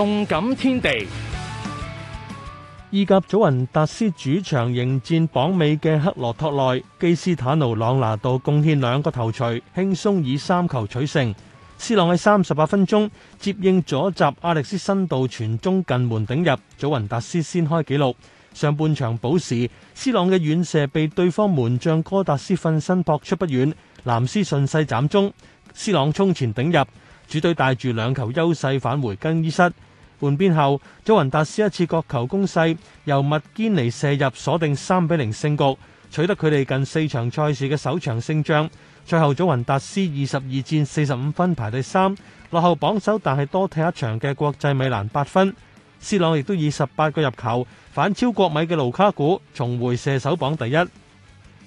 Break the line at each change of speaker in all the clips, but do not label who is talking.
動感天地，意甲祖雲達斯主場迎戰榜尾嘅克羅托內，基斯坦奴、朗拿度貢獻兩個頭槌，輕鬆以三球取勝。斯朗喺三十八分鐘接應左閘，阿歷斯新度傳中近門頂入，祖雲達斯先開紀錄。上半場補時，斯朗嘅遠射被對方門將戈達斯奮身撲出不遠，藍斯順勢斬中，斯朗衝前頂入，主隊帶住兩球優勢返回更衣室。半邊後，祖雲達斯一次角球攻勢，由麥堅尼射入鎖定三比零勝局，取得佢哋近四場賽事嘅首場勝仗。賽後，祖雲達斯二十二戰四十五分排第三，落後榜首但係多踢一場嘅國際米蘭八分。斯朗亦都以十八個入球反超國米嘅盧卡古，重回射手榜第一。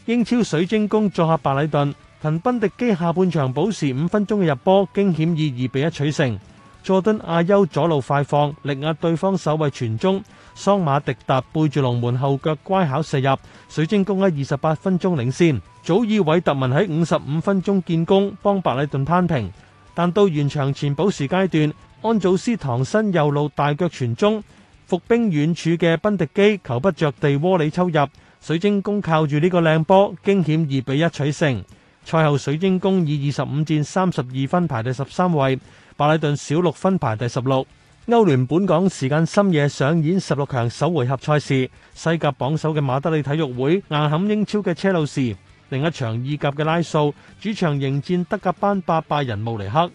英超水晶宮作客白禮頓，憑賓迪基下半場補時五分鐘嘅入波，驚險以二比一取勝。佐敦阿優左路快放，力壓對方守衛傳中；桑馬迪達背住龍門後腳乖巧射入，水晶宮喺二十八分鐘領先。祖爾韋特文喺五十五分鐘建功，幫白禮頓攀平。但到完場前補時階段，安祖斯唐辛右路大腳傳中，伏兵遠處嘅賓迪基球不着地窩裏抽入，水晶宮靠住呢個靚波驚險二比一取勝。賽後水晶宮以二十五戰三十二分排第十三位，白禮頓少六分排第十六。歐聯本港時間深夜上演十六強首回合賽事，西甲榜首嘅馬德里體育會硬撼英超嘅車路士。另一場意甲嘅拉素主場迎戰德甲班霸拜仁慕尼黑。